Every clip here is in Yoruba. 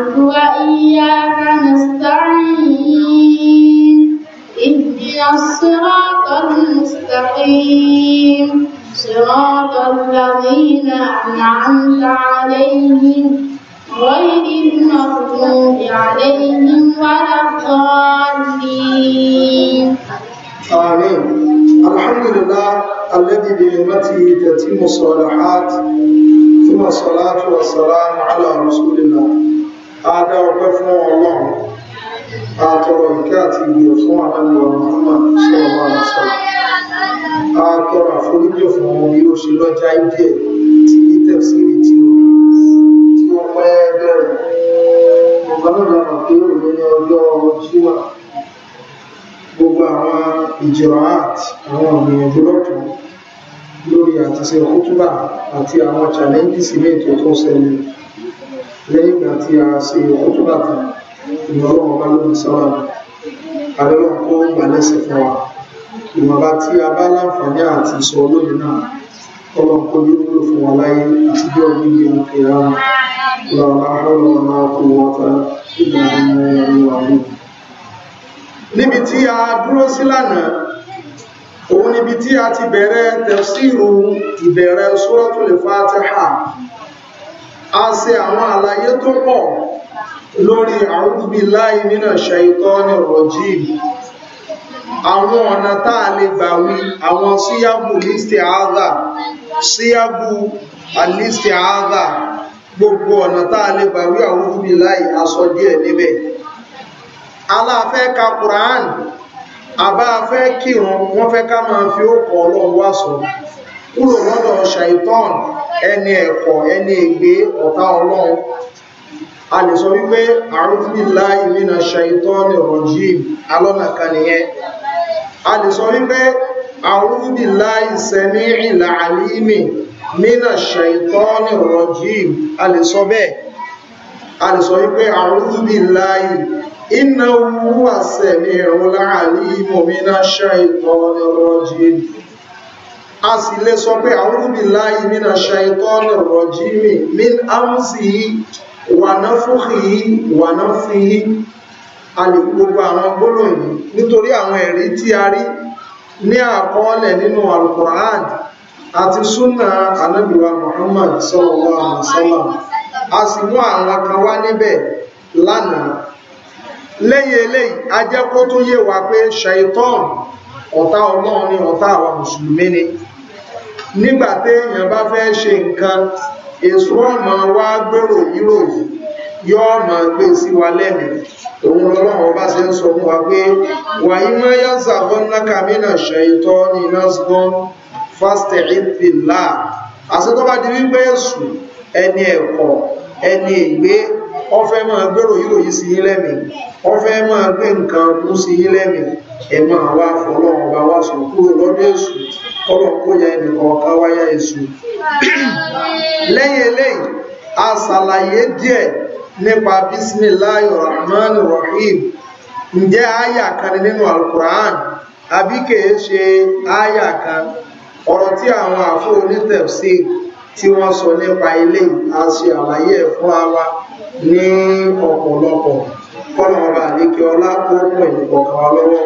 نعبد وإياك نستعين اهدنا الصراط المستقيم صراط الذين أنعمت عليهم غير المغضوب عليهم ولا الضالين آمين الحمد لله الذي بنعمته تتم الصالحات ثم الصلاة والسلام على رسول الله adá ọpẹ́ fún ọlọ́run àtọrọ ìkẹ́ àti ìgbìyàn fún àdájọ́ Muhammad sọ́ọ̀mọ́ àṣà àtọrọ àforíjì fún ọmọ bí ó ṣe lọ́jà ìdí ẹ̀ tí ní tẹ̀síìrì tí ó tí ó pẹ́ bẹ̀rẹ̀ ọba náà lọ́nà pé ó lè ní ọjọ́ jíwà gbogbo àwọn ìjọ art àwọn ìgbìyànjú lọ́tún lórí àti ṣe òkútùbà àti àwọn challenges ilé ètò tó ṣẹlẹ̀ lẹ́yìn ìgbà tí a ṣe ọkọ̀ bàtà ìmọ̀ràn ọba lórí sọ́wà abẹ́rẹ́ ọkọ̀ gbà lẹ́sẹ̀ fún wa ìmọ̀ba tí a bá láǹfààní àti sọ lónìí náà ọlọ́kọ̀ yóò lò fún wa láyé àtijọ́ nílé òkè ara lọ́la ọlọ́run ọkọ̀ wọ́ta níbi tí a dúró sí lánàá òun níbi tí a ti bẹ̀rẹ̀ tẹ̀síìrù ìbẹ̀rẹ̀ Suratul Fatiha a ṣe àwọn àlàyé tó pọ̀ lórí a'udhu billahi minash shaitani rajim àwọn ọ̀nà tá a lè gbà wí àwọn síyábù listi'adha síyábù al-isti'adha gbogbo ọ̀nà tá a lè gbà wí a'udhu aṣọ díẹ̀ níbẹ̀ aláfẹ́ ka Qur'an àbá kírun wọ́n fẹ́ ká máa fi ó kọ́ ọlọ́run wá kúrò lọ́dọ̀ ṣàìtàn ẹni ẹ̀kọ́ ẹni ègbé ọ̀tá ọlọ́run a lè sọ wípé àrùfìlá ìmìnà ṣàìtàn rọ̀jìm alọ́nà kan nìyẹn a lè sọ wípé àrùfìlá ìsẹ̀mí ìlà àlímì mìnà ṣàìtàn rọ̀jìm a lè sọ bẹ́ẹ̀ a lè sọ wípé àrùfìlá ìnáwó àsẹ̀mí ìrọ̀lá àlímì mìnà ṣàìtàn rọ̀jìm a sì lè sọ pé a'udhu billahi mina shaytanir rajimi min amsihi wa nafuhihi wa nafihi a lè gbogbo àwọn gbólóhùn nítorí àwọn ẹ̀rí tí a rí ní àkọọ́lẹ̀ nínú alukur'an àti súnà anábìwa muhammad sallallahu alaihi wasallam a sì mú àwọn kan wá níbẹ̀ lánàá lẹ́yìn eléyìí a jẹ́ kó tó yé wa pé shaitan ọ̀tá ọlọ́run ni ọ̀tá àwa mùsùlùmí ni nígbà téèyàn bá fẹ́ ṣe nǹkan èso ọmọ wa gbèrò yírò yìí yọ ọmọ gbé sí wa lẹ́nu òun lọ́wọ́ ọba ṣe ń sọ fún wa pé wàyí mọ́ yá sàbọ́n lákàmínà ṣẹ̀yìntọ́ ní nọ́sgọ́n fásitẹ̀ ìpìlá àṣẹ tó bá di wípé èṣù ẹni ẹ̀kọ́ ẹni ìgbé ọfẹ́ máa gbèrò yírò yìí sí yín lẹ́mìí ọfẹ́ máa gbé nǹkan mú sí yín lẹ́mìí ẹ máa wá bá wá sùn kúrò lọ́dọ̀ ya wáyà èṣù lẹ́yìn eléyìí a ṣàlàyé díẹ̀ nípa bismillahi rahman rahim ǹjẹ́ àyà kan nínú alukur'an àbí kìí ṣe àyà kan ọ̀rọ̀ tí àwọn àfọ onítẹ̀sí tí wọ́n sọ nípa ile a ṣe àlàyé ẹ̀ kọ́nà ọba àlékẹ́ ọlá kó mú ẹ̀mí kọ̀ọ̀kan wa lọ́wọ́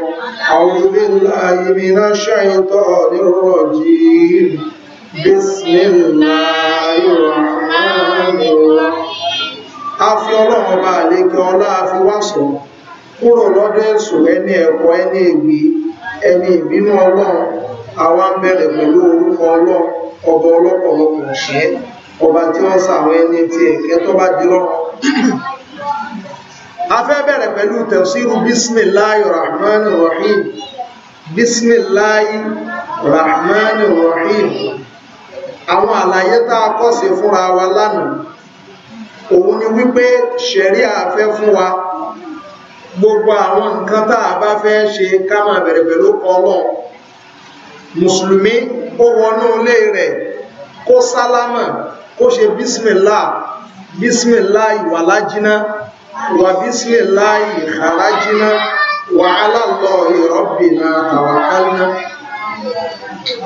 àwọn billahi minash shaytanir rajim bismillahir rahmanir rahim a fi ọlọ́run ọba àlékẹ́ ọlá fi wá sọ̀rọ̀ kúrò lọ́dọ̀ a fẹ́ bẹ̀rẹ̀ pẹ̀lú tafsiru bismillahi rahman rahim bismillahi rahman rahim àwọn àlàyé tá a kọ́ sí fúnra wa lánàá òun ni wípé ṣẹ̀ríà fẹ́ fún wa gbogbo àwọn nǹkan tá a bá fẹ́ ṣe ká máa bẹ̀rẹ̀ pẹ̀lú ọlọ́run mùsùlùmí kó wọnú ilé rẹ̀ kó sálámà kó ṣe bísmìlá bísmìlá ìwàlájíná wàbísílẹ̀ láì ìhàrájínà wà aláàlọ́ ìrọ́bìnà àwàkálínà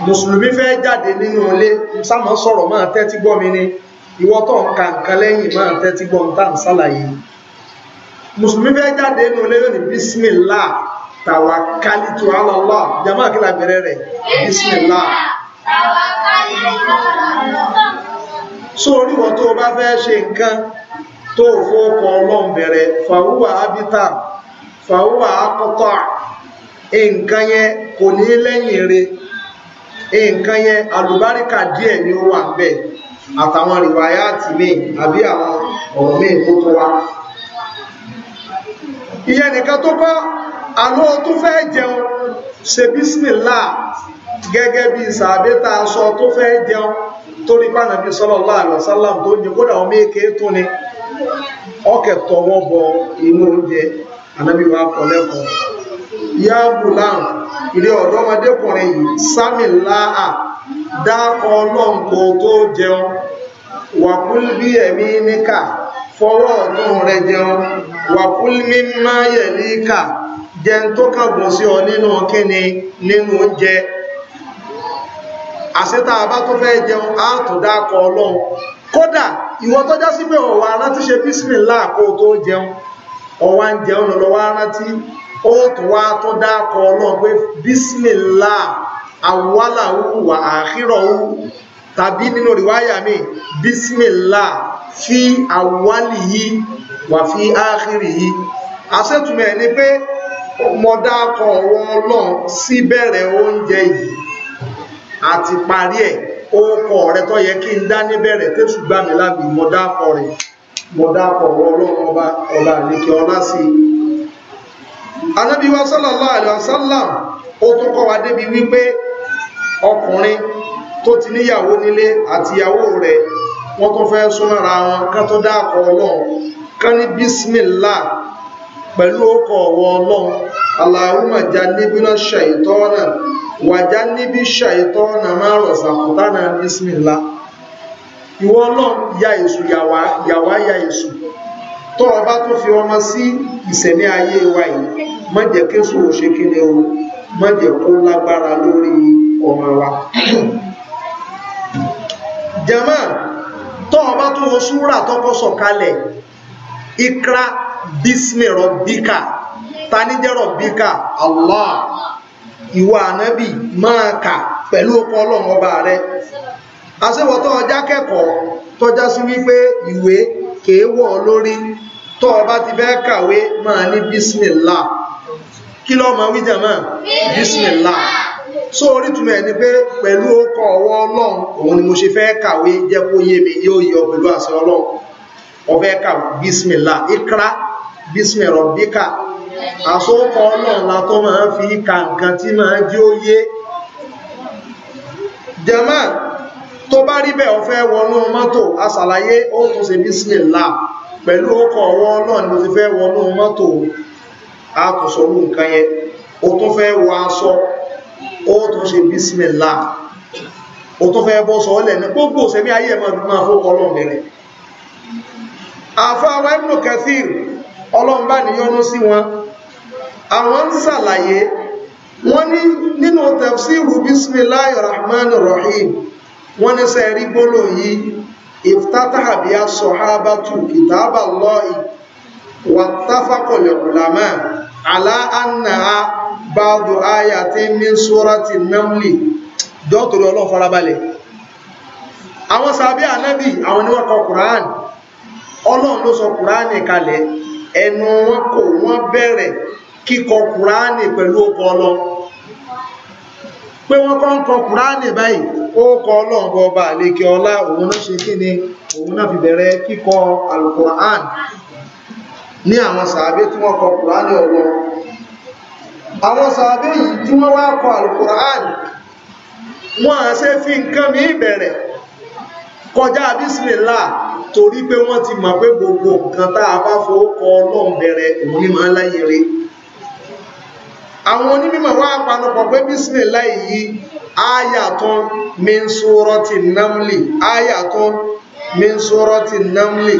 mùsùlùmí fẹ́ jáde nínú ilé sámọ́ sọ̀rọ̀ máa tẹ́tí gbọ́ mi ni ìwọ tó ń ka nǹkan lẹ́yìn máa tẹ́tí gbọ́ ń tàn sálàyé mùsùlùmí fẹ́ jáde nínú ilé yóò ní bísímìlá tàwákálítù alọ́lá jama kílà bẹ̀rẹ̀ rẹ̀ bísímìlá so oríwọ̀ tó o bá fẹ́ ṣe nǹkan tó fọ́ọ̀kọ́ ọlọ́run fàwúwà ábítà fàwúwà akọ́tọ́ nǹkan yẹn kò ní lẹ́yìn re nǹkan yẹn àlùbáríkà díẹ̀ ni ó wà bẹ́ẹ̀ àtàwọn rìwáyà àti míì àbí àwọn ọ̀rọ̀ míì tó tó wá ìyẹn nìkan tó bá àlọ́ tó fẹ́ jẹun ṣe bísmìlá gẹ́gẹ́ bí sàbẹ́ta aṣọ tó fẹ́ jẹun torí tó ní kódà ọkẹ̀ tọwọ́ bọ inú oúnjẹ ànábì wa ya gulam ilé yìí sami láà dákọ̀ ọlọ́run tó jẹun wàkúl bí ẹ̀mí níkà fọwọ́ ọ̀tún rẹ jẹun ọ nínú kíni nínú oúnjẹ àṣetà bá tó fẹ́ jẹun á kódà ìwọ tó já sí pé ọ̀wà arántí ṣe bísímì ńlá kó o tó jẹun ọ̀wà ń jẹun lọ́wọ́ arántí ó tún wá tó dákọ̀ ọlọ́run pé bísímì ńlá àwálàwù wà àhírọ̀wù tàbí nínú rìwáyà mi bísímì ńlá fi àwálì yìí wà fi áhírì yìí àṣètùmọ̀ ẹ̀ ni pé mo dákọ̀ ọ̀wọ́ ọlọ́run sí bẹ̀rẹ̀ oúnjẹ yìí àti parí ẹ̀ orúkọ rẹ tó yẹ kí n dá níbẹ̀rẹ̀ tẹ́sù gbá mi lábì mo dápọ̀ rẹ̀ mo dápọ̀ rọ ọlọ́run ọba ọba àlekè ọlá sí i anábí wa sallallahu alaihi wasallam ó tún kọ́ wa débi wípé ọkùnrin tó ti níyàwó nílé àtìyàwó rẹ̀ wọ́n tó fẹ́ súnmọ́ra wọn ká tó dápọ̀ ọlọ́run ká ní bísímìlá pẹ̀lú orúkọ ọwọ́ ọlọ́run Allahumma jannibna shaytana náà wàjá níbi ṣàìtọ́ na máa rọ̀ sàkùtánà bísmìlá ìwọ náà ya èṣù yàwá yàwá ya èṣù tó ọba tó fi ọmọ sí ìsẹ̀mí ayé wa yìí má jẹ́ kéṣù òṣèkéde o má jẹ́ kó lágbára lórí ọmọ wa jama tó ọba tó wo súrà tọ́kọ́ sọ̀kalẹ̀ ikra bísmì rọ̀bíkà tanijẹ́ rọ̀bíkà Allah ìwà ànábì máa kà pẹ̀lú ọkọ ọlọ́run ọba rẹ àṣewọ̀tọ́ ọjà kẹ́kọ̀ọ́ tọ́já sí wípé ìwé kèé wọ̀ lórí tọ́ ọba ti fẹ́ kàwé máa ní bísímìlá kí lọ́ mọ wíjà máa bísímìlá so orítùmọ̀ ẹni pé pẹ̀lú ọkọ̀ ọwọ́ ọlọ́run òun ni mo ṣe fẹ́ kàwé jẹ́ kó yé mi yóò yọ pẹ̀lú àṣẹ ọlọ́run ọfẹ́ kà bísímìlá ikra bísímìlá bíkà àsókọ náà la tó máa fi ka nǹkan tí máa jẹ́ òye jẹ́mọ́ tó bá rí bẹ́ẹ̀ ó fẹ́ wọnú mọ́tò aṣàlàyé ó tún ṣe bismillah pẹ̀lú ọkọ̀ ọwọ́ náà ni mo ti fẹ́ wọnú mọ́tò àtúnṣọ́rú nǹkan yẹn ó tún fẹ́ wọ aṣọ ó tún ṣe bismillah ó tún fẹ́ bọ́ sọ ọ́lẹ̀ ní gbogbo òṣèmí ayé ẹ̀mọ́ ọdún máa fókọ ọlọ́run bẹ̀rẹ̀ àfáà wa Ibn Kathir ọlọ́run bá níyọ́nú sí wọn àwọn ń ṣàlàyé wọ́n ní nínú tafsiru bismillahi rahman rahim wọ́n ní sẹ́ẹ̀rí gbólò yìí iftataha biha sahabatu kitaba Allahi wattafaqa al-ulama ala annaha ba'du ayatin min surati namli dọ́tòrò ọlọ́run farabalẹ̀ àwọn sàbí ànábì àwọn ni wọ́n kọ kùránì ọlọ́run ló sọ kùránì kalẹ̀ ẹnu wọn kò wọ́n bẹ̀rẹ̀ kíkọ kùránì pẹ̀lú ọkọ̀ ọlọ́ pé wọ́n kọ́ ń kọ kùránì báyìí ó kọ ọlọ́ọ̀bọ ọba àlékè ọlá òun náà ṣe kí ni òun náà fi bẹ̀rẹ̀ kíkọ alukur'an ní àwọn sàábé tí wọ́n kọ kùránì ọlọ́ àwọn sàábé yìí tí wọ́n wá kọ alukur'an wọ́n á ṣe fi nǹkan mi bẹ̀rẹ̀ kọjá bísímìlá torí pé wọ́n ti mọ̀ pé gbogbo nǹkan tá a bá fowó kọ ọlọ́run òun ní máa láyé àwọn onímọ̀ wá panupọ̀ pé bísímìlá yìí ayàtọ̀ mẹ́sọ́rọ́tì námlì ayàtọ̀ mẹ́sọ́rọ́tì námlì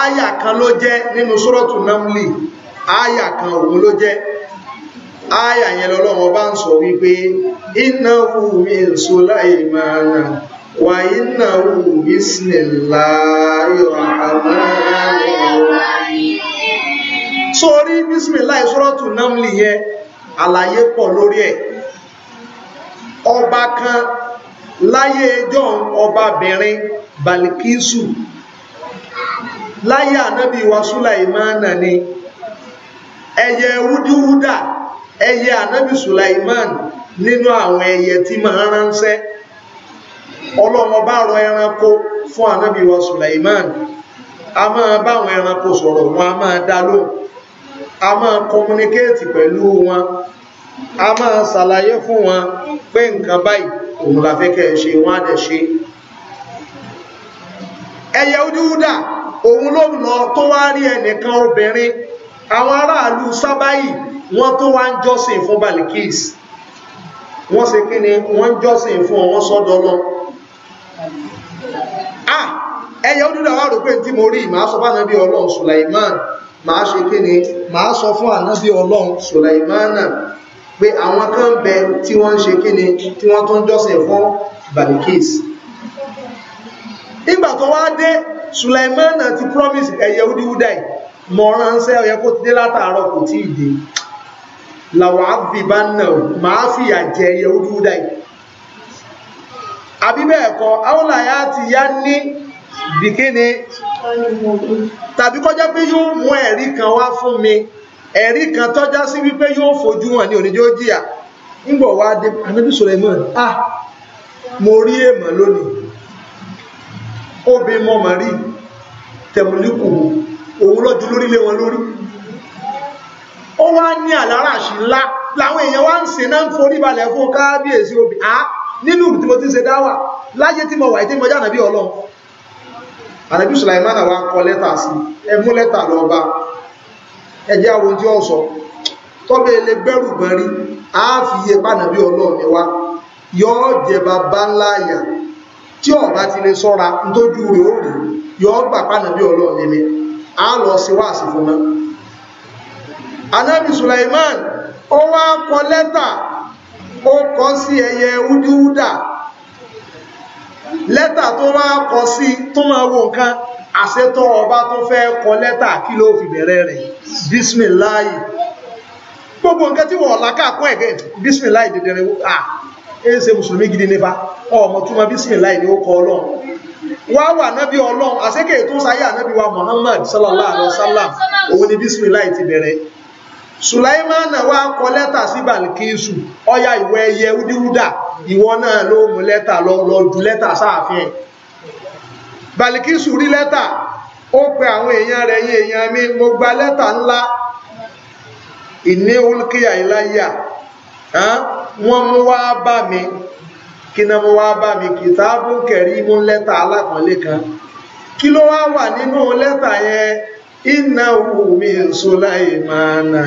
ayà kan ló jẹ́ nínú sọ́rọ̀tù námlì ayà kan òun ló jẹ́ ayà yẹn lọ́lọ́wọ́ bá ń sọ wípé innahu min sulaymana wa innahu bismillahir rahmanir rahim sórí bísmìláì sọ́rọ́tù námlì yẹn àlàyé pọ lórí ẹ̀ ọba kan láyé john ọbabìnrin balikisu láyé ànábì wa sulaimana ni ẹyẹ wúdíwúdà ẹyẹ ànábì sulaiman nínú àwọn ẹyẹ tí máa ránṣẹ́ ọlọ́mọ rọ ẹranko fún ànábì wa sulaiman a máa báwọn ẹranko sọrọ wọn a máa dá lóhùn a máa kọmúnikéètì pẹ̀lú wọn a máa ṣàlàyé fún wọn pé nǹkan báyìí òun la fẹ́ kẹ́ ẹ ṣe wọ́n á dẹ̀ ṣe ẹ̀yẹ ojúúdà òun ló lọ tó wá rí ẹnìkan obìnrin àwọn aráàlú sábáyì wọ́n tó wá ń jọ́sìn fún Balikis wọ́n ṣe kí ni wọ́n ń jọ́sìn fún ọwọ́n sọ́dọ̀ lọ ah ẹ̀yẹ ojúúdà wà rò pé tí mo rí ìmọ̀ àsọ́bánà bí Ọlọ́run Sulaiman màá ṣe kí ni màá sọ fún ànábì ọlọ́run sùlẹ̀mánà pé àwọn kan bẹ tí wọ́n ń ṣe kí ni tí wọ́n tún jọ́sìn fún balikis nígbà tó wá dé sùlẹ̀mánà ti promise ẹ̀yẹ wúdiwúdà yìí mọ̀ ránṣẹ́ ó yẹ kó ti dé látàárọ̀ kò tí ì dé làwọn àbíbánà màá fìyà jẹ ẹ̀yẹ wúdiwúdà yìí àbí bẹ́ẹ̀ kọ́ àwọn làyà ti yá ní bìkíni tàbí kọjá pé yóò mú ẹ̀rí kan wá fún mi ẹ̀rí kan tọ́já sí wípé yóò fojú hàn ní oníjó jìyà ńgbọ̀ wá dé Suleiman ah mo rí èèmọ̀ lónìí obìnrin mọ̀mọ̀ rí òun wọn lórí ó wá ní ńlá làwọn èèyàn wá ń sìn náà ń forí balẹ̀ fún obì nínú tí mo ti ṣe láyé tí mo wà mo ànábì Sulaiman wa kọ lẹ́tà si ẹ mú lẹ́tà lọ bá ẹ jẹ́ àwọn tí ó sọ tọ́bẹ̀ ilé gbẹ́rù gbọ́n a fi iye pànàbí ọlọ́ọ̀ni wa yọọ jẹ bàbá ńlá àyà tí ọba ti lè sọra ntójú rẹ̀ ó rí yọ gbà pànàbí ọlọ́ọ̀ni mi a lọ sí wá sí fún náà ànábì Sulaiman ó wá kọ lẹ́tà ó kọ sí ẹyẹ wúdíwúdà lẹ́tà tó máa kọ sí tó máa wo nǹkan àṣetọ́ ọba tó fẹ́ kọ lẹ́tà kí ló fi bẹ̀rẹ̀ rẹ̀ bísmìláì gbogbo nǹkan tí wọ́n làkà kún ẹ̀gẹ́ bísmìláì dẹ̀dẹ̀rẹ̀ à ẹ ṣe mùsùlùmí gidi nípa ọmọ túmọ̀ bísmìláì ni ó kọ ọlọ́run wá wà nábì ọlọ́run àṣekè tó sáyé ànábì wa Muhammad sallallahu alaihi wasallam òun ni bísmìláì ti bẹ̀rẹ̀ Sùláìmánà wá kọ lẹ́tà sí Bàlìkísù ọya ìwé ẹyẹ wúdíwúdà ìwọ náà ló mú lẹ́tà lọ lọ ju lẹ́tà sáàfin Balikisu rí lẹ́tà ó pe àwọn èèyàn rẹ̀ yín èèyàn mi mo gba lẹ́tà ńlá ìní olùkíyà ìláyà wọ́n mú wá bá mi kí náà mú wá bá mi kìtàbù kẹrí mú lẹ́tà alákọ̀ọ́lé kan kí ló wá wà nínú lẹ́tà yẹn innahu min Sulaymana.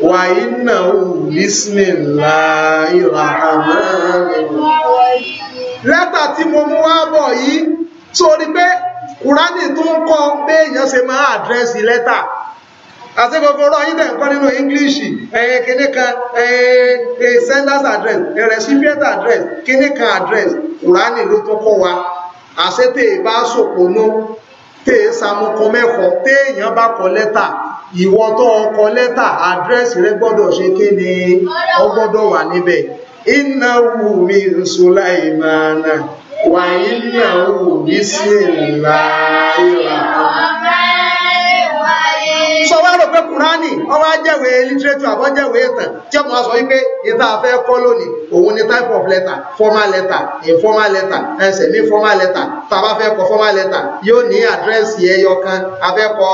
وإنه بسم الله الرحمن الرحيم lẹ́tà tí mo mú wá bọ̀ yìí sórí pé kùránì tó ń kọ́ béèyàn ṣe máa àdírẹ́sì lẹ́tà àti gbogbo ọ̀rọ̀ yìí dẹ̀ ń kọ́ nínú English ẹ̀yìn kíní kan ẹ̀yìn senders address recipient address kíní kan address kùránì ló tó kọ́ wa àṣetẹ̀ bá ṣòpónú kéè samukọ mẹ́kọ téèyàn bá kọ lẹ́tà ìwọ tó kọ lẹ́tà àdírẹ́sì rẹ gbọ́dọ̀ ṣe ké ni ó wà níbẹ̀ innahu min Sulaimana wa innahu bismillahir rahman pé kùránì ọwọ́ ajẹ́wé literature àbọ́jẹ́wé ìtàn tí ọmọ sọ wípé ìta afẹ́ kọ́ lónìí òun ni type of letter formal letter informal letter and semi formal letter tàbá fẹ́ kọ formal letter yóò ní àdírẹ́sì ẹyọ kan afẹ́kọ̀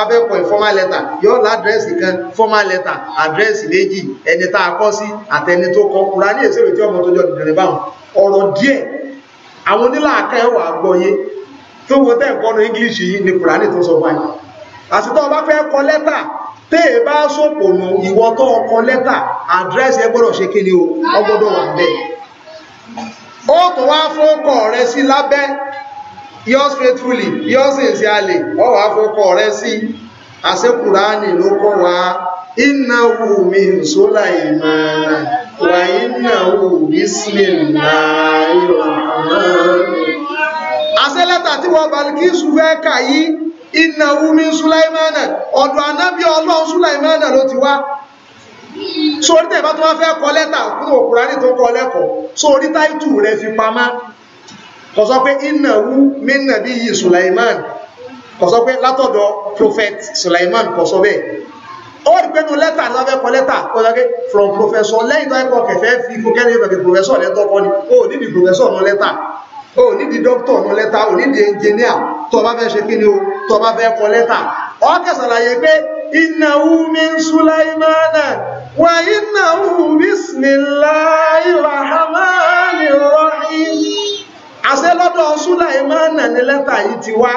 afẹ́kọ̀ informal letter yóò ládírẹ́sì kan formal letter àdírẹ́sì méjì ẹni tá a kọ́ sí àtẹni tó kọ kùránì èsè rètí ọmọ tó jọ dìdìrín báwọn ọ̀rọ̀ díẹ̀ àwọn onílà akẹ́wà gbọ́yé tó wo tẹ́ ẹ̀kọ́ ní English yìí ni kùránì tó sọ báyìí àṣetọ́ bá fẹ́ kọ lẹ́tà téè bá sòpònù ìwọ tó kọ lẹ́tà àdírẹ́sì ẹ gbọ́dọ̀ ṣe kíni o ọgbọ́dọ̀ wà bẹ́ẹ̀ ó tó wá fún ọkọ rẹ sí lábẹ́ yours faithfully yours sincerely ọ wá fún ọkọ rẹ sí àṣekùránì ló kọ́ wa innahu min Sulaiman wa innahu bismillahir rahman àṣẹ lẹ́tà tí wọ́n Inna wumi sulaimana ọ̀dọ̀ anábì ọlọ́run sulaimana ló ti wá sórí tẹ̀ bá tó wá fẹ́ kọ lẹ́tà fún òkúránì tó kọ lẹ́kọ̀ọ́ sórí táìtù rẹ̀ fi pamá kò pé iná wú mínà bí yìí sulaiman kò sọ pé látọ̀dọ̀ prophet sulaiman kò sọ bẹ́ẹ̀ ó rí pé nu lẹ́tà ní fẹ́ kọ lẹ́tà ó sọ pé from professor lẹ́yìn tó ẹ̀kọ́ kẹfẹ́ fi fún kẹ́lẹ́ fẹ́ fi professor lẹ́tọ́ kọ́ ni ó nídìí professor náà lẹ́tà o nídìí dókítà ọ̀nà lẹ́tà o di ẹnjìníà tó bá fẹ́ ṣe kí ni o tó bá fẹ́ kọ lẹ́tà ọ kẹsàlàyé pé innahu min sulaimana wa innahu bismillahir rahmanir rahim àṣẹ lọ́dọ̀ sulaimana ni lẹ́tà yìí ti wá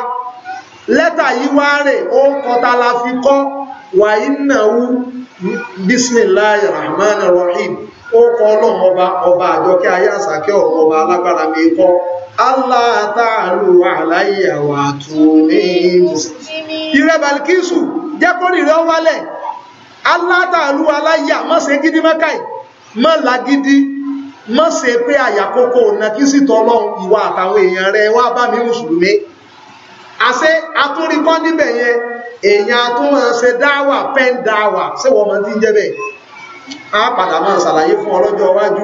lẹ́tà yìí wá rè ó kọta la fi kọ́ wa innahu bismillahir rahmanir rahim ó kọ ọlọ́run ọba ọba àjọkẹ́ ayé àsàkẹ́ ọ̀rọ̀ ọba alágbára mi kọ́ aláàtàlù àláyàwó àtúnmí ìrẹ́ Balkisu jẹ́ kó rírẹ́ ọ wálẹ̀ aláàtàlù aláyà má ṣe gidi mẹ́kàì má lagidi má ṣe pé àyàkókò nàkísì tọ́lọ́run ìwà àtàwọn èèyàn rẹ̀ wá bá mi mùsùlùmí àṣẹ atúrikọ́ níbẹ̀ yẹn èèyàn atúnránṣẹ́ dáwà pẹ́ńdáwà ṣé wọ́n mọ̀ ti ń jẹ́ bẹ́ẹ̀ a padà máa ṣàlàyé fún ọlọ́jọ́ iwájú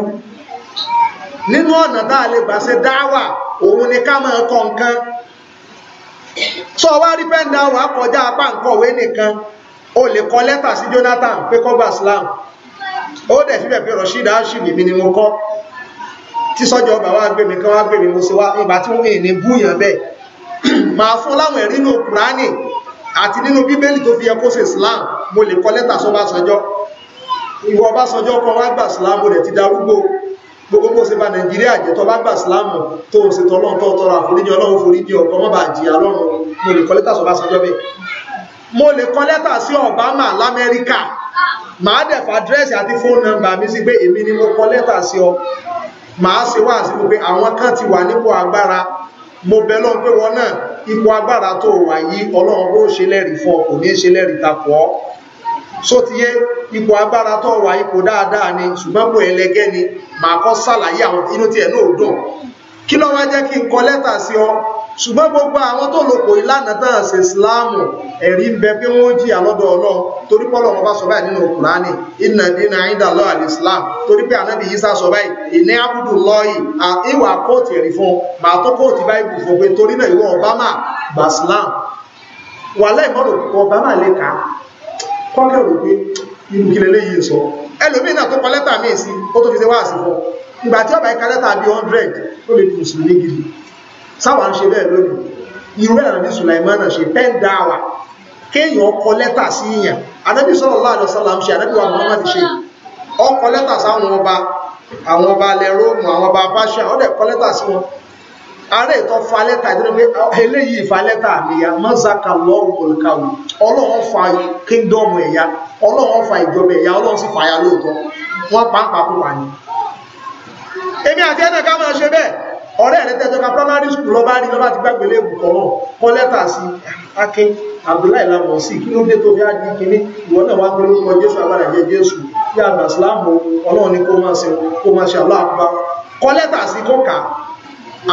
nínú ọ̀nà tá a lè gbà ṣe dáwà òun ni ká máa kọ nǹkan tó wá rí pẹ́ńdà wà kọjá apá nkọ̀wé nìkan o lè kọ lẹ́tà sí Jonathan pé kó gba Islam ó dẹ̀ síbẹ̀ pé Rashid ashimi mi ni mo kọ́ tí sọ́jọ́ ọba wá gbé mi kán wá gbé mi mo ṣe wá ìgbà tí wọ́n ní búyàn bẹ́ẹ̀ màá fún láwọn ẹ̀rí nínú Kùránì àti nínú Bíbélì tó fi yẹ kó ṣe Islam mo lè kọ lẹ́tà sọ́ba sọ́jọ́ ìwọ Ọbásanjọ́ kan wá gbà sílámù rẹ̀ ti darúgbó gbogbo bó ṣe bá Nàìjíríà jẹ́ tó bá gbà sílámù tó ń ṣètò ọlọ́run tó tọrọ àforíjì ọlọ́run foríjì mo lè kọ lẹ́tà mo lè kọ Obama l'Amẹ́ríkà màá dẹ̀ fa dírẹ́sì àti fóònù nọ́mbà mo kọ lẹ́tà sí ọ màá ṣe wá sí pé mo bẹ lọ́n pé wọn náà ipò agbára tó wà yí ọlọ́run ní ṣe lẹ́rìí takò só ti yé ipò agbára tó wà ipò dáadáa ni ṣùgbọ́n mo ẹlẹgẹ́ ni màá kọ́ sàlàyé àwọn inú tiẹ̀ náà dùn kí ló wá jẹ́ kí n kọ lẹ́tà sí ọ ṣùgbọ́n gbogbo àwọn tó lòpò ìlànà tán ṣe ìsìláàmù ẹ̀rí ń bẹ pé wọ́n jìyà lọ́dọ̀ Ọlọ́run torí pé Ọlọ́run bá sọ báyìí nínú Kùránì inna dina inda Allah al-Islam torí pé Ànábì Ìsá sọ báyìí ìní Abdullahi ìwà kóòtù ẹ̀rí fún màá tó kóòtù báyìí fún pé torí náà ìwọ Obama gbà Islam wàhálà ìmọ̀lò Obama lè kà á kọ́kẹ̀rò pé inú kí lélẹ́ yìí sọ ẹlòmí náà tó kọ lẹ́tà míì sí ó tó fi ṣe wá sí fọ́ ìgbà tí ọba ìka lẹ́tà bí 100 ó lè fi mùsùlùmí gidi sáwà ń ṣe bẹ́ẹ̀ lónìí irú ẹ̀ nàbí sùlàìmánà ṣe pẹ́ ń dá wà kéèyàn kọ lẹ́tà sí yàn anábì sallallahu alaihi wasallam ṣe anábì wa Muhammad ṣe ó kọ lẹ́tà sáwọn ọba àwọn ọba alẹ́ róòmù àwọn ọba apáṣẹ ó dẹ̀ kọ lẹ́tà sí wọn ààrẹ ìtọ́ fa lẹ́tà ìdúró pé ah, eléyìí fa lẹ́tà àmìyá mọ́sáka lọ́wọ́lùkàwù ọlọ́wọ́ fa kíndọ́mù ẹ̀yà ọlọ́wọ́ fa ìjọba ẹ̀yà ọlọ́wọ́ sì fàyà lóòótọ́ wọ́n pàápàá kú wà ní. èmi àti ẹ̀nà ká máa ṣe bẹ́ẹ̀ ọ̀rẹ́ rẹ̀ tẹ́jọ́ ka primary school lọ́ba rí lọ́ba ti gbàgbé léèbù kọ́ náà kọ́ lẹ́tà sí akin abdullahi lamọ̀ sí kí ló dé tó fi á di kinní ìwọ náà wá gbé lórúkọ jésù agbára jẹ jésù bí àgbà sílámù ọlọ́run ni kó máa ṣe kó máa ṣe àlọ́ àkùbá kọ́ lẹ́tà sí kó kà á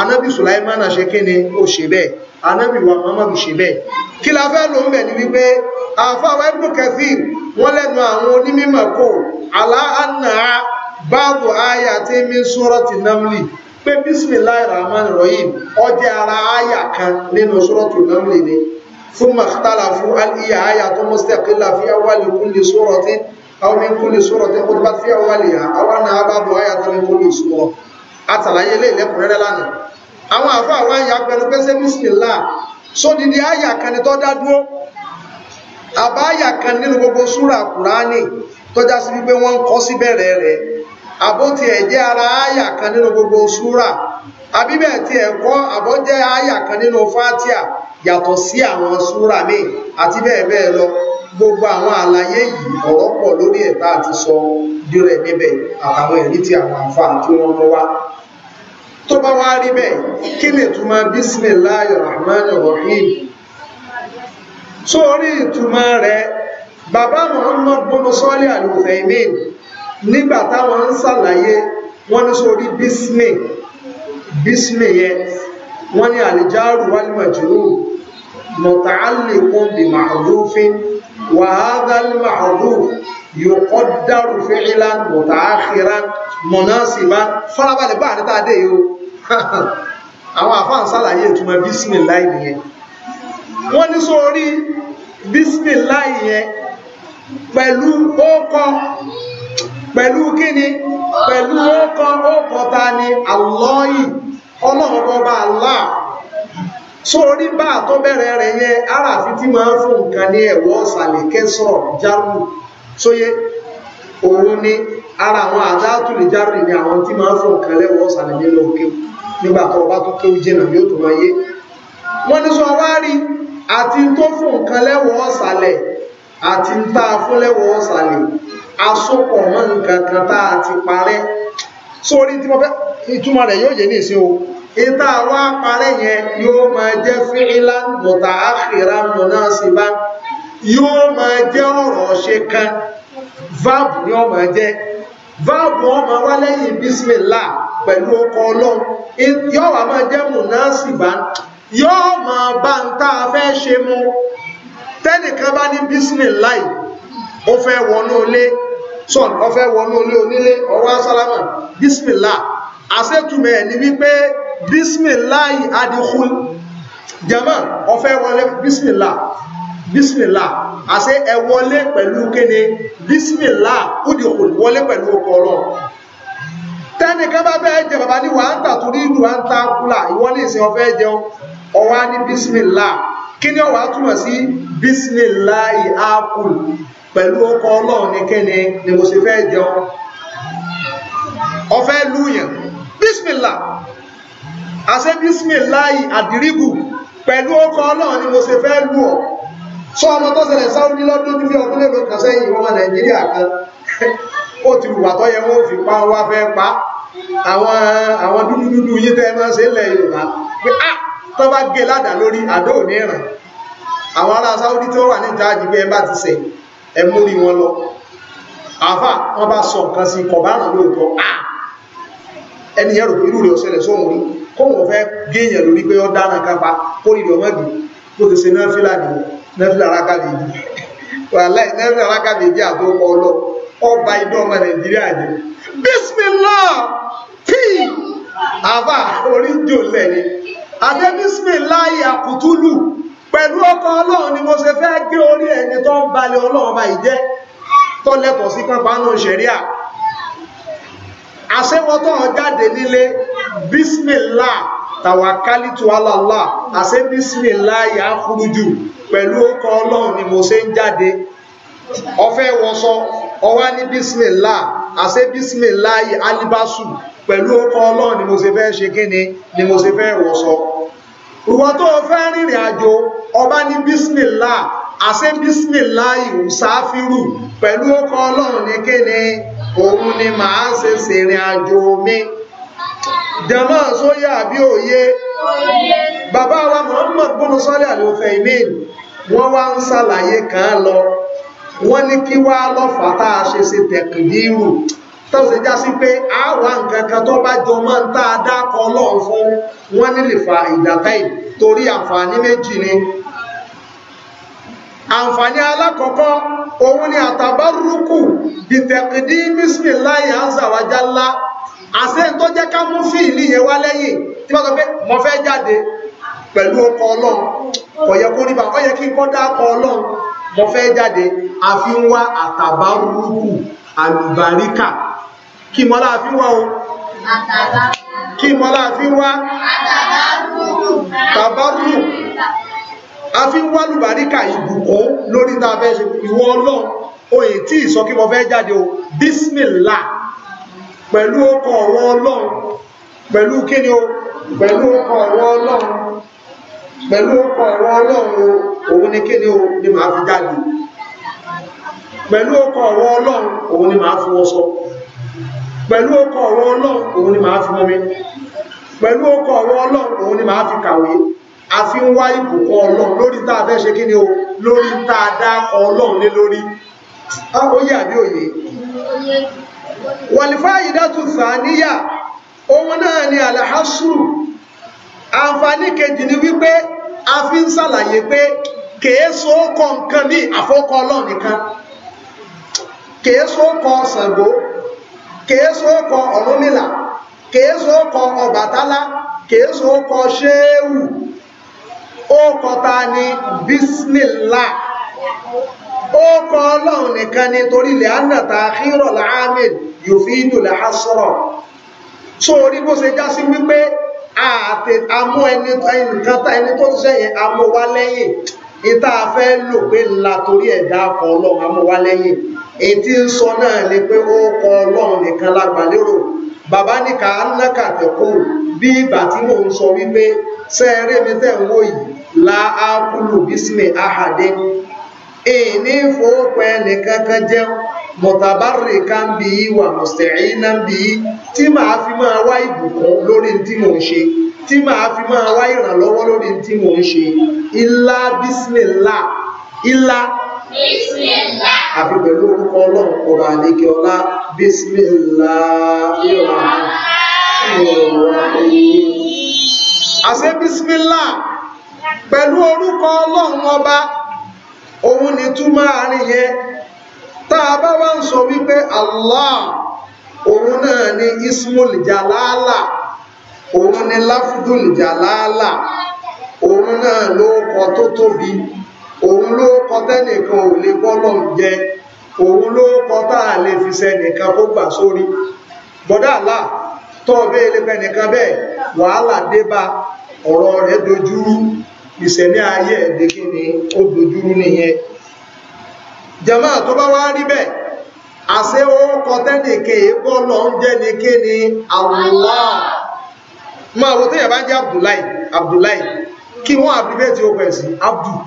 anábì sùláìmánà ṣe kí ni ó ṣe bẹ́ẹ̀ anábì wa muhammadu ṣe bẹ́ẹ̀ kí la fẹ́ ló ń bẹ̀ ní wípé àfáwọn ibnu kathir wọ́n lẹ́nu àwọn onímọ̀ kò aláàánà báàbù àyà tí mi ń surati namli pé bismillahir rahmanir rahim ọjẹ́ ara àyà kan nínú surati namli ni fún mọ̀tàlá fún alìyà àyà tó mustaqilla fi awwali kulli surati aw min kulli surati kó tó bá fi awwaliha àwọn náà àyà tó min kulli surati àtàlàyé ilé ìlẹ́kùnrẹ́rẹ́ lánàá àwọn àfáà wá ń ya pẹ̀lú pẹ́sẹ́ bísímìlá sódìdí àyà kan ni tó dá dúró àbá àyà kan nínú gbogbo súrà kùránì tọ́já sí wípé wọ́n ń kọ́ sí bẹ̀rẹ̀ rẹ̀ àbótí ẹ̀ jẹ́ ara àyà kan nínú gbogbo súrà àbíbẹ̀ tí ẹ̀ kọ́ àbọ́jẹ́ àyà kan nínú fátíà yàtọ̀ sí àwọn súrà míì àti bẹ́ẹ̀ bẹ́ẹ̀ lọ gbogbo àwọn àlàyé yìí ọ̀rọ̀ pọ̀ lórí ẹ̀ta àti sọ dírẹ̀ níbẹ̀ àtàwọn ẹ̀rí tí àwọn àǹfààní tí wọ́n mọ́ wá tó bá wá rí bẹ́ẹ̀ kí ni ìtumọ̀ bismillahir rahmanir rahim tó orí ìtumọ̀ rẹ̀ bàbá muhammad bin sọ́lé al-Uthaymin nígbà táwọn ń ṣàlàyé wọ́n ní sórí bísmì bísmì yẹn wọ́n ní àlìjáàrù wal majrur muta'alliqun bi ma'rufin wa hadha al-ma'ruf yuqaddaru fi'lan muta'akhiran mọ̀nà sí wá farabalẹ̀ bá àríta dé yóò àwọn àfáàn sàlàyé ìtumọ̀ bísmìláì nìyẹn wọ́n ní sọ orí bísmìláì yẹn pẹ̀lú ókọ pẹ̀lú kíni pẹ̀lú ókọ ókọ ta ni àlọ́yì ọlọ́run ọba Allah sórí bá tó bẹ̀rẹ̀ rẹ̀ yẹn aráàfi tí máa ń fún nǹkan ní ẹ̀wọ́ ọ̀sàlẹ̀ kẹsàn sóyé òun ni ara àwọn àdáàtù lè járì ní àwọn tí máa ń fún nǹkan lẹ́wọ́ ọ̀sàlẹ̀ nínú òkè nígbà tó ọba tó kéwú jìnà yóò tó máa yé wọ́n ní sọ wá rí àti tó fún nǹkan lẹ́wọ́ ọ̀sàlẹ̀ àti ń tá a fún lẹ́wọ́ ọ̀sàlẹ̀ asopọ̀ mọ́ nǹkan kan tá a ti parẹ́ sórí tí mo fẹ́ ìtumọ̀ rẹ̀ yóò yé ní ìsìn o ìta àwa parẹ́ yẹn yóò máa jẹ́ fíìlà mọ̀tà àkìrà mọ̀nà Báàbù ọmọ wá lẹ́yìn bísímìlá pẹ̀lú ọkọ̀ ọlọ́run. Yọ́ wà máa jẹ́ mùnásìbá. Yọ́ máa bá ń tá a fẹ́ ṣe mu. Tẹ́nìkan bá ní bísímìlá yìí, ó fẹ́ wọnú ilé. Sọ̀n, ó fẹ́ wọnú ilé onílé, ọwọ́ asálámà, bísímìlá. Àṣètùmẹ̀ ni wípé bísímìlá yìí adìkú. Jàmá, ó wọlé bísímìlá bísímìlá àṣẹ ẹ wọlé pẹ̀lú kéde bísímìlá ó di kò wọlé pẹ̀lú ọkọ ọlọ́run tẹ́nìkan bá bẹ́ẹ̀ jẹ bàbá ní wà á ń tà torí ìlú à ń ta kúlà ìwọ ní ìsìn ọ̀fẹ́ jẹun ọwọ́ á ní bísímìlá kí ni ọwọ́ sí bísímìlá ìhákùl pẹ̀lú ọkọ ọlọ́run ní kéde ni mo ṣe fẹ́ jẹun ọ̀fẹ́ lùyàn bísímìlá àṣẹ bísímìlá àdìrígù pẹ̀lú ọkọ ọlọ́run ni mo ṣe fẹ́ lù sọ ọmọ tó ṣẹlẹ̀ sáwọ́dí lọ́dún níbi ọdún mélòó kan sẹ́yìn ọmọ nàìjíríà kan ó ti wùwà tó yẹ wọ́n fi pa wá fẹ́ pa àwọn àwọn dúdúdúdú yìí tẹ́ máa ṣe lẹ̀ yorùbá pé á tó bá gé ládàá lórí àdó òní ìràn àwọn ará sáwọ́dí tí wọ́n wà ní ìjáàjì bí ẹ bá ti ṣẹ̀ ẹ múrí wọn lọ àfà wọn bá sọ nǹkan sí kọ̀báràn lóòótọ́ ẹni yẹn rò pé irú rẹ̀ ọ̀ṣẹlẹ̀ sóhun rí kóhun fẹ́ géèyàn lórí pé ó dáná kápá kórìí ọmọdé bó ti ṣe náfìlà ní náfìlà rákà méjì wàláì náfìlà rákà méjì àtòkọ ọlọ ọba iná ọmọ nàìjíríà jẹ bísmìlá tí àbá oríjò lẹni adé bísmìlá ìyàkùtúlù pẹ̀lú ọkọ ọlọ́run ni mo ṣe fẹ́ gé orí ẹni tó ń balẹ̀ ọlọ́run ọba ìjẹ́ tó lẹ́tọ̀ọ́ sí pápá náà ṣẹ̀ríà àṣẹ́wọ́tọ̀ jáde nílé bísmìlá tàwákálítù alàlá àṣẹ bísímìlá yà á kúrú jù pẹ̀lú ọkọ̀ ọlọ́run ni mo ṣe ń jáde ọfẹ́ wọṣọ ọwá ní bísímìlá àṣẹ bísímìlá yà alibásù pẹ̀lú ọkọ̀ ọlọ́run ni mo ṣe fẹ́ ṣe kíni ni mo ṣe fẹ́ wọṣọ ìwọ tó o fẹ́ rìnrìn àjò ọba ní bísímìlá àṣẹ bísímìlá ìwùsáfírù pẹ̀lú ọkọ̀ ọlọ́run ni kíni òun ni màá ṣe ṣèrìn àjò mi jama sóyà àbí òye Baba wa Muhammad bọ́nu sọ́lẹ̀ àlòfẹ́ imin wọ́n wá ń ṣàlàyé kan lọ wọ́n ní kí wá lọ́fà tá a ṣe ṣe tẹ̀kìdírù tó ṣe já sí pé a wà nǹkan kan tó bá jọ máa ń tá a dákọ ọlọ́run fún wọ́n ní lè fa ìdàtẹ́yìn torí àǹfààní méjì ni àǹfààní alákọ̀ọ́kọ́ òun ni àtàbárúkù bìtẹ̀kìdí bísmìláì anzàwájálá àṣẹ tó jẹ́ ká mú fíìlì yẹn wá lẹ́yìn tí wọ́n sọ pé mo fẹ́ jáde pẹ̀lú ọkọ̀ ọlọ́run kò yẹ kó rí bá ọ yẹ kí n kọ́ dá ọkọ̀ ọlọ́run mo fẹ́ jáde àfi ń wá àtàbárúkù àlùbáríkà kí mọ́lá fi wá o kí mọ́lá fi wá tàbárúkù a wá àlùbáríkà ìbùkún lórí tá a fẹ́ ṣe ìwọ ọlọ́run oyè tí ìsọ kí mo fẹ́ jáde o bísmìlá pẹ̀lú ọkọ̀ ọ̀wọ́ ọlọ́run pẹ̀lú kíni o pẹ̀lú ọkọ̀ ọ̀wọ́ ọlọ́run pẹ̀lú ọkọ̀ ọ̀wọ́ ọlọ́run òun ni kíni o ni màá fi jáde pẹ̀lú ọkọ̀ ọ̀wọ́ ọlọ́run òun ni màá fi wọ́n sọ pẹ̀lú ọkọ̀ ọ̀wọ́ ọlọ́run òun ni màá fi mọ́mí pẹ̀lú ọkọ̀ ọ̀wọ́ ọlọ́run òun ni màá fi kàwé a fi ń wá ìbùkún ọlọ́run lórí tá a fẹ́ ṣe kíni o lórí tá a dá ọlọ́run lé lórí ó yà bí òye wàlífáyìdátù sàníyà ohun náà ni àlàásùrù àǹfààní kejì ni wípé a fi ń ṣàlàyé pé kèé so kọ nǹkan ní àfọkọ ọlọ́run nìkan kèé so kọ Ṣàngó kèé so kọ Ọ̀rúnmìlà kèé so kọ Ọbàtálá kèé so kọ Ṣéwù ó kọta ní bísmìlá ó kọ ọlọ́run nìkan ni torí lè ánà tààkírọ̀ láàmìn yóò fi ìdò làásọ̀rọ̀ so orí bó ṣe já sí wípé àti amú ẹni nǹkan tá ẹni tó ṣiṣẹ́ yẹn amú wá lẹ́yìn ìta fẹ́ lò pé ńlá torí ẹ̀dá ọkọ̀ ọlọ́run amú wá lẹ́yìn èyí ń sọ náà ni pé ó ọlọ́run nìkan lágbàlérò bàbá ní ká náka tẹ̀kọ́ bí ìgbà tí mò ń sọ wípé sẹ́ẹ̀rẹ́ mi tẹ̀ ń wò yìí la ápùlù bísímẹ̀ àhàdé èní fowópẹ́ ẹnìkankan jẹ́ mọ̀tàbárì kan bí i wà mọ̀sẹ̀rí náà bí i tí màá fi máa wá ìbùkún lórí tí mò ń ṣe tí màá fi máa wá ìrànlọ́wọ́ lórí tí mò ń ṣe ilá bísímìlá ilá bísímìlá àfi pẹ̀lú orúkọ ọlọ́run kọ̀ọ̀rọ̀ àlékè ọlá bísímìlá àṣẹ bísímìlá pẹ̀lú orúkọ ọlọ́run ọba. òun ni túmọ̀ àárín yẹn tá a bá wá ń wípé Allah òun náà ni ismul jalala òun ni jalala òun náà ló kọ tó tóbi òun ló kọ tẹ́nìkan ò lè bọ́lọ̀ jẹ òun ló kọ tá a lè fi sẹ́nìkan kó gbà sórí bọ́dá ìṣẹ̀lẹ̀ ayé ẹ̀dẹ́ kí ni ó dojúrú nìyẹn jama tó bá wá rí bẹ́ẹ̀ àṣẹ orúkọ tẹ́nìkè bọ́ lọ ń jẹ́ ni kí ni Allah máa wo téèyàn bá jẹ́ Abdullahi Abdullahi kí wọ́n àbíbẹ́ tí ó pẹ̀ sí Abdul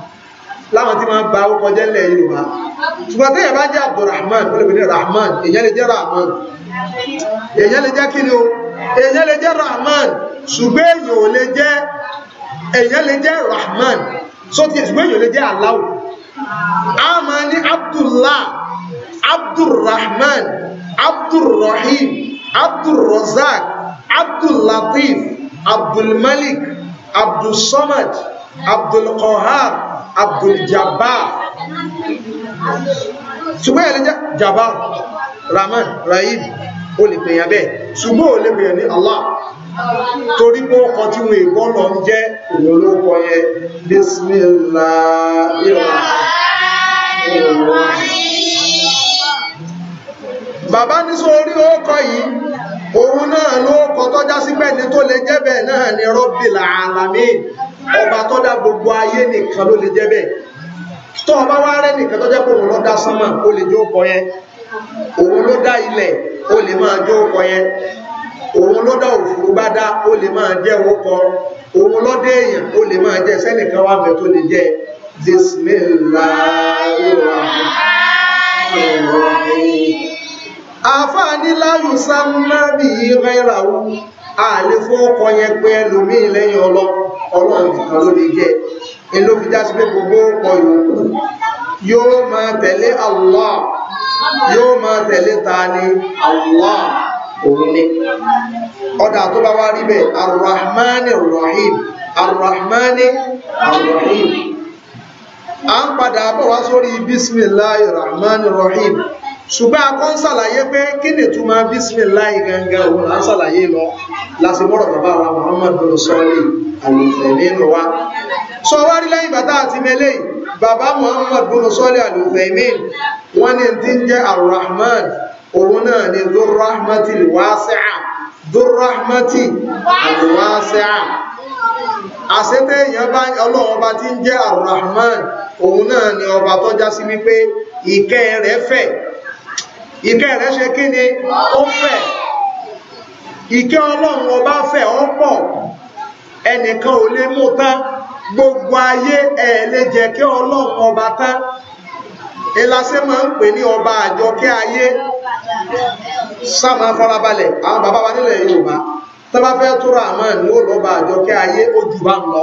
láwọn tí máa ń gba orúkọ jẹ́ ilẹ̀ Yorùbá ṣùgbọ́n téèyàn bá jẹ́ Abdulrahman ó lè pè ní Rahman èèyàn lè jẹ́ Rahman èèyàn lè jẹ́ kí ni o èèyàn lè jẹ́ Rahman ṣùgbọ́n èèyàn ò lè jẹ́ èèyàn lè jẹ́ rahman so ti ẹ̀sùn èèyàn lè jẹ́ aláwò a máa ní abdullah abdulrahman abdulrahim abdulrazak abdullatif abdulmalik abdulsamad abdulqahar abduljabbar ṣùgbọ́n èèyàn lè jẹ́ jabbar rahman rahim ó lè pèèyàn bẹ́ẹ̀ ṣùgbọ́n ó lè pèèyàn ní allah torí pé ó kọ tí wọn èbọ lọ ń jẹ òun olóko yẹn bísímìláà bàbá ní sórí ó kọ yìí òun náà ló kọ tọ́já sí pẹ̀lú tó lè jẹ́ náà ni rọ́bìlà àlàmì ọba tó dá gbogbo ayé nìkan ló lè jẹ́ tó ọba wá rẹ́ nìkan tó jẹ́ òun ló sánmà ó lè jó kọ yẹn òun ló dá ilẹ̀ ó lè máa jó kọ yẹn òun ló dá òfurufú bá dá ó lè máa jẹ́ orúkọ òun ló dé èèyàn ó lè máa jẹ sẹ́nìkan wà bẹ̀ tó lè jẹ́ bismillahirrahmanirrahim àfáàní láyù sáńlábì ìrẹ́ràwú àlè fún ọkọ̀ yẹn pé lẹ́yìn ọlọ ọlọ́run ló lè pé gbogbo òun ni ọ̀dà tó bá wá rí bẹ́ẹ̀ arrahmani rahim arrahmani rahim a ń padà bọ̀ wá sórí bismillahi rahmani rahim ṣùgbọ́n a kọ́ ń ṣàlàyé pé kí ni túmọ̀ bismillahi gangan òun là ń ṣàlàyé lọ láti mọ́rọ̀ bàbá wa muhammadu sọ́ọ́lì àlùfẹ́ nínú wa sọ wá rí lẹ́yìn bàtà àti mẹ́lẹ́yìn bàbá muhammadu sọ́ọ́lì àlùfẹ́ mi wọ́n ní ti ń jẹ́ arrahman òun náà ni dúrọ́hmátì wáṣíà dúrọ́hmátì wáṣíà àṣẹ́tẹ́ èèyàn bá ọlọ́run ọba tí ń jẹ́ arrahman òun náà ni ọba tó já sí wípé ìkẹ́ rẹ̀ fẹ̀ ìkẹ́ rẹ̀ ṣe kí ni ó fẹ̀ ìkẹ́ ọlọ́run ọba fẹ̀ ó pọ̀ ẹnìkan ò lè mú tán gbogbo ayé ẹ̀ lè jẹ́ kí ọlọ́run ọba tán ìlàsẹ́ máa ń pè ní ọba àjọkẹ́ ayé sáma farabalẹ̀ àwọn bàbá wa nílẹ̀ Yorùbá tọ́bá fẹ́ túrọ àmọ́ ní ó lọ́ba àjọkẹ́ ayé ó jù bá ń lọ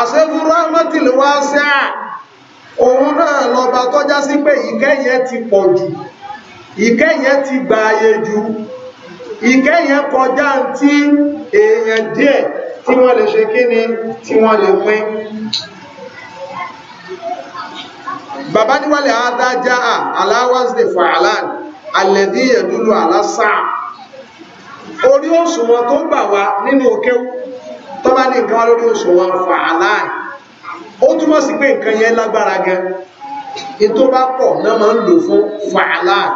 àṣẹ́fúrú àmọ́tìlẹ̀ wá sí à òun náà lọ́ba tọ́já sí pé ìkẹ́yẹ ti pọ̀ jù ìkẹ́yẹ ti gba ayé jù ìkẹ́yẹ kọjá tí èèyàn díẹ̀ tí wọ́n lè ṣe kíni tí wọ́n lè pín bàbá níwálẹ̀ adájá aláwáṣe fàálàn alẹ́dí ẹ̀dúlù alásà orí òṣùwọ̀n tó bà wá nínú òkéwú tó bá ní nǹkan lórí òṣùwọ̀n fàálàn ó túmọ̀ sí pé nǹkan yẹn lágbára gan ètò bá pọ̀ náà máa ń lò fún fàálàn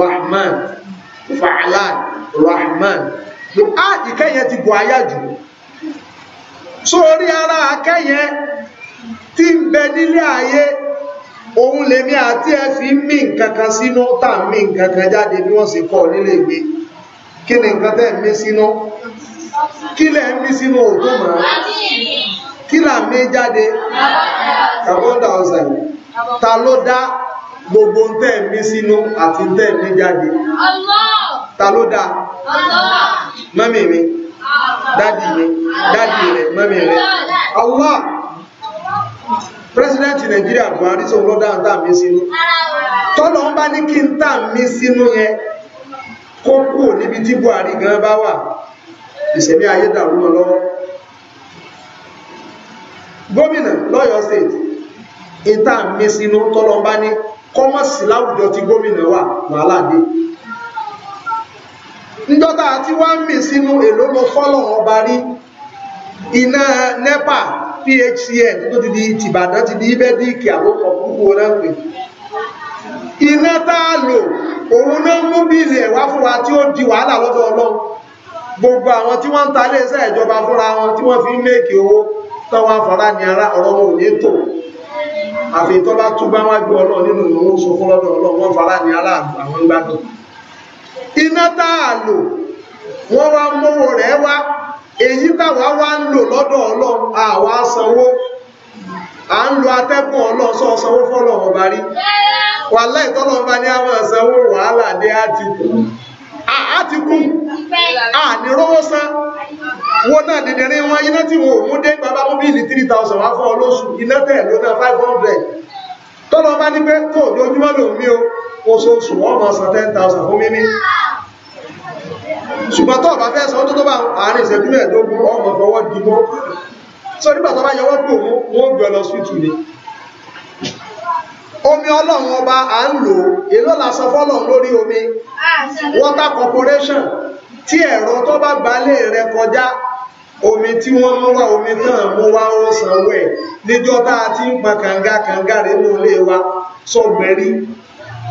rahman fàálàn rahman á ìkẹyẹ ti bọ̀ ayájú sórí ara akẹyẹ tí ń bẹ nílé ayé òun lèmi àti ẹ fi mí nǹkan kan sínú tá mí nǹkan kan jáde bí wọ́n sì kọ́ nílé ìgbé kí ni nǹkan tẹ́ mí sínú kí lẹ̀ mí sínú òtó mọ́ kí là mí jáde carbon dioxide ta ló dá gbogbo ń tẹ́ mí sínú àti ń tẹ́ mí jáde ta ló dá mọ́mì mi dádì mi dádì rẹ̀ mọ́mì rẹ̀ Allah pírẹsidẹ́ǹtì nàìjíríà buhari sọ ló dá tá mi sínú tọ́lọ̀ ń bá ní kí n tá mi sínú yẹn kó kúrò níbi tí buhari gan bá wà ìṣẹ̀mí ayé dàrú mọ́ lọ́wọ́ gómìnà lọ́yọ̀ state ìta mi sínú tọ́lọ̀ ń bá ní kọ́mọ̀sì láwùjọ tí gómìnà wà wàhálà dé njọ́ta àti wá ń mì sínú èlò lọ fọ́lọ̀ ọba rí iná nepa phcm tó ti di tìbàdàn ti di ibẹ́díìkì àlòkọ̀ púpọ̀ náà pè iná tá a lò òun náà mú bíìlì ẹ̀ wá fún wa tí ó di wàhálà lọ́dọ̀ ọlọ́run gbogbo àwọn tí wọ́n ń ta iléeṣẹ́ ìjọba fúnra wọn tí wọ́n fi ń méèkì owó tọ́wọ́ afọ́lá ní ara ọ̀rọ̀ wọn ò ní tò àfi tó bá tún bá wájú ọlọ́run nínú ìlú oṣù fún lọ́dọ̀ ọlọ́run wọ́n fara ní ara àwọn gbádùn iná tá a lò wọ́n wá mówó rẹ̀ wá èyí táwa wá ń lò lọ́dọ̀ ọlọ́ àwa sanwó à ń lo atẹ́gùn ọlọ́run sanwó fọ́lọ́run ọba rí wà láì ní àwọn sanwó wàhálà dé Àtìkù. ti kú san wọn náà dìdìrí wọn iná tí wọn ò mú dé bàbá three thousand wá fún ọ lóṣù iná tẹ̀ ló náà five hundred o oṣooṣù wọn máa san ten thousand ṣùgbọ́n tó bá fẹ́ sọ tó tó bá àárín ìṣẹ́jú mẹ́ẹ̀ẹ́dógún ọmọ fọwọ́ dìbò so nígbà tó yọwọ́ pé wọ́n gbé lọ síìtù ni omi ọlọ́run ọba à ń lò èló sọ fọ́lọ́run lórí omi water corporation tí ẹ̀rọ tó bá gbalẹ̀ rẹ kọjá omi tí wọ́n mú wá omi náà mú wá ó sanwó ẹ̀ níjọ́ tá a ti ń pa kànga kànga rẹ̀ mú ilé wa sọgbẹ́rí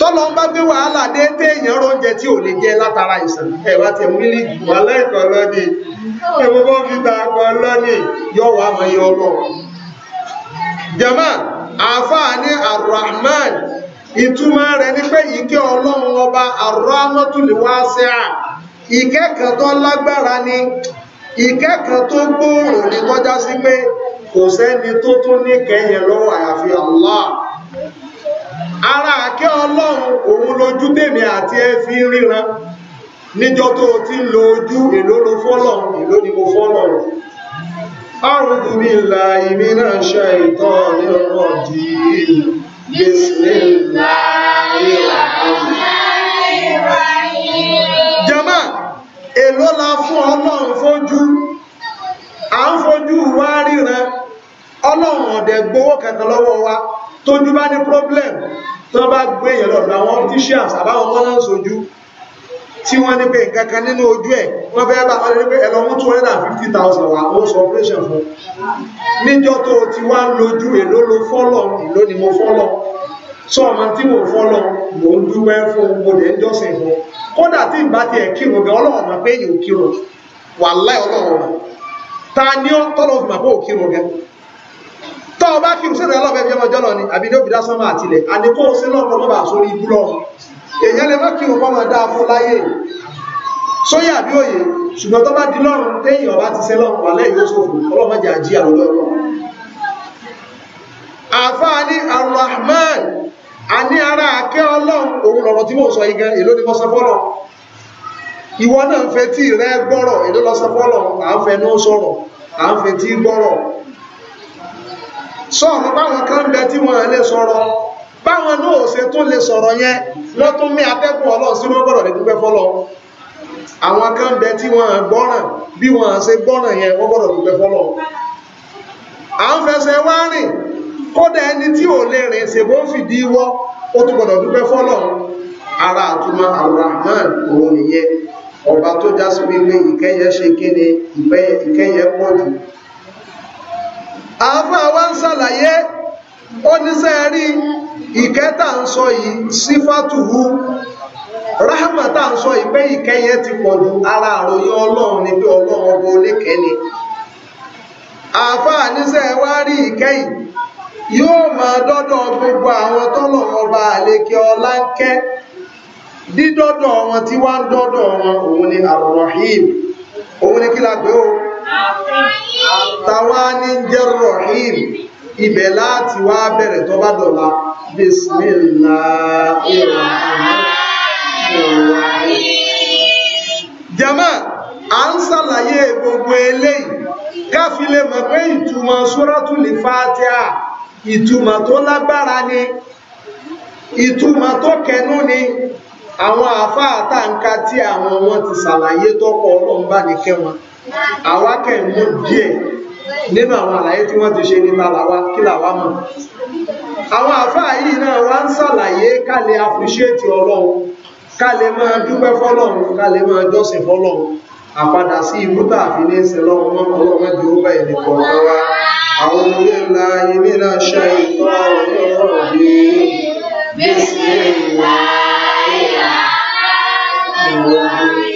tọ́lọ ń bá gbé wàhálà dé tẹ́ èèyàn róúnjẹ tí ò lè jẹ látara ìsàn ẹ̀wà tẹ̀ mílíkì wà lẹ́ẹ̀kan lọ́ni ẹ̀wọ́n bọ́ fi ta akọ lọ́ni yọ wà mọ́ yọ lọ. jama àáfàá ní arrahman ìtumọ̀ rẹ̀ ni pé ìkẹ́ ọlọ́run ọba arrahmatuliwasi'a ìkẹ́kàn tó lágbára ni ìkẹ́kàn tó gbòòrò ni tọ́já sí pé kò sẹ́ni tó tún ní kẹ́yìn lọ́wọ́ àyàfi Allah ara àkẹ́ ọlọ́run òun lójú tèmi àti ẹ ríran níjọ́ tó ti ń lo ló fọ́lọ́run èló ni mo fọ́lọ́run أعوذ بالله من الشيطان الرجيم بسم الله الرحمن الرحيم jàmá èló la fún ọlọ́run fojú à ń fojú wá ríran ọlọ́run ọ̀dẹ̀ gbowó kankan lọ́wọ́ wa tó ní bá ní problem tó bá gbé èèyàn lọ́dọ̀ àwọn opticians àbáwọn tó náà sojú tí wọ́n ní pé nǹkan kan nínú ojú ẹ̀ wọ́n fẹ́ bá wọn ní pé ẹ̀lọ́ mú 250,000 wà ó sọ operation fún níjọ́ tó ti wá lójú èló ló fọ́lọ̀ èló ni mo fọ́lọ̀ sọ ọmọ tí mo fọ́lọ̀ mò ń dúpẹ́ fún mo lè ń jọ́sìn fún kódà tí ìgbà tí ẹ̀ kírun bẹ ọlọ́run mọ̀ pé èyí ò kírun wà láì ọlọ́run mọ̀ ta ni ọ́ tọ́lọ́ fún màbó ò kírun gẹ́gẹ́ tọ́ ọba kí irúṣẹ́ rẹ̀ lọ́bẹ̀ẹ́ bí ọmọjọ́ lọ ni àbí ní òbídá sọ́mọ́ àtìlẹ̀ àníkó sí lọ́kọ̀ mọ́ bá sórí ibú lọ èèyàn lè má kí òun kọ́mọ dáa fún láyé sóyè àbí òye ṣùgbọ́n tó bá di lọ́rùn téèyàn ọba ti sẹ́ lọ́rùn wà lẹ́yìn oṣooṣù ọlọ́mọdé àjí àwọn ọlọ́run àfáàní arrahman a ní ara àkẹ́ ọlọ́run òun lọ̀rọ̀ tí mò ń sọ igan èló ní lọ́sán fọ́lọ̀ ìwọ sọ̀rọ̀ báwọn kan ń bẹ tí wọ́n lè sọ̀rọ̀ báwọn náà ṣe tún lè sọ̀rọ̀ yẹn wọ́n tún mí atẹ́kùn ọlọ́run sínú gbọ́dọ̀ lè dúpẹ́ fọ́lọ́ àwọn kan ń bẹ tí wọ́n gbọ́ràn bí wọ́n ṣe gbọ́ràn yẹn wọ́n gbọ́dọ̀ dúpẹ́ fọ́lọ́ à ń fẹsẹ̀ wá rìn kódà ẹni tí ò lè rìn ṣèbó ń fìdí wọ́ ó tún gbọ́dọ̀ dúpẹ́ fọ́lọ́ ara àtúmọ̀ Al-Rahman òun nìyẹn ọba tó já sí wípé ìkẹyẹ ṣe kéde ìkẹyẹ pọ̀ jù àáfàá wa ń ṣàlàyé oníṣẹ́ rí ìkẹta ń sọ yìí sífàtùhù ráhàmàtà ń sọ ìpé ìkẹyẹ ti pọ̀jù ara àròyìn ọlọ́run ni pé ọlọ́run ọgbọ oníkẹni àáfàá níṣẹ́ wá rí ìkẹyìn yóò máa dọ́dọ̀ gbogbo àwọn tọ́lọ̀ ọba àlekè ọlá ń kẹ́ dídọ́dọ̀ wọn tí wá ń dọ́dọ̀ wọn òun ni àròrán òun ni kí la o tàwa ní jẹ́ rọ̀hìm ibẹ̀ láti wá bẹ̀rẹ̀ tó bá dọ̀la jama a ń ṣàlàyé gbogbo eléyìí káfí lè mọ̀ pé ìtumọ̀ suratul Fatiha ìtumọ̀ tó lágbára ni ìtumọ̀ tó kẹnú ni àwọn àáfàá tàǹkà tí àwọn wọn ti ṣàlàyé tọ́pọ̀ ọlọ́run bá ní kẹwọn àwákẹ́ mú díẹ̀ nínú àwọn àlàyé tí wọ́n ti ṣe ní tàlàwà kí làwà mọ̀ àwọn àfáà yìí náà wá ń sàlàyé ká lè appreciate ọlọ́run ká lè máa dúpẹ́ fọ́lọ́run ká lè máa jọ́sìn fọ́lọ́run àpadà sí ìlú tààfin ní ìsẹ̀lọ́run mọ́ ọlọ́run jù ó bẹ̀ẹ̀ nìkan wá àwọn olóyè ńlá ilé náà ṣe ìtọ́ ọ̀rọ̀ yìí bísí ìwà ìyá àwọn olóyè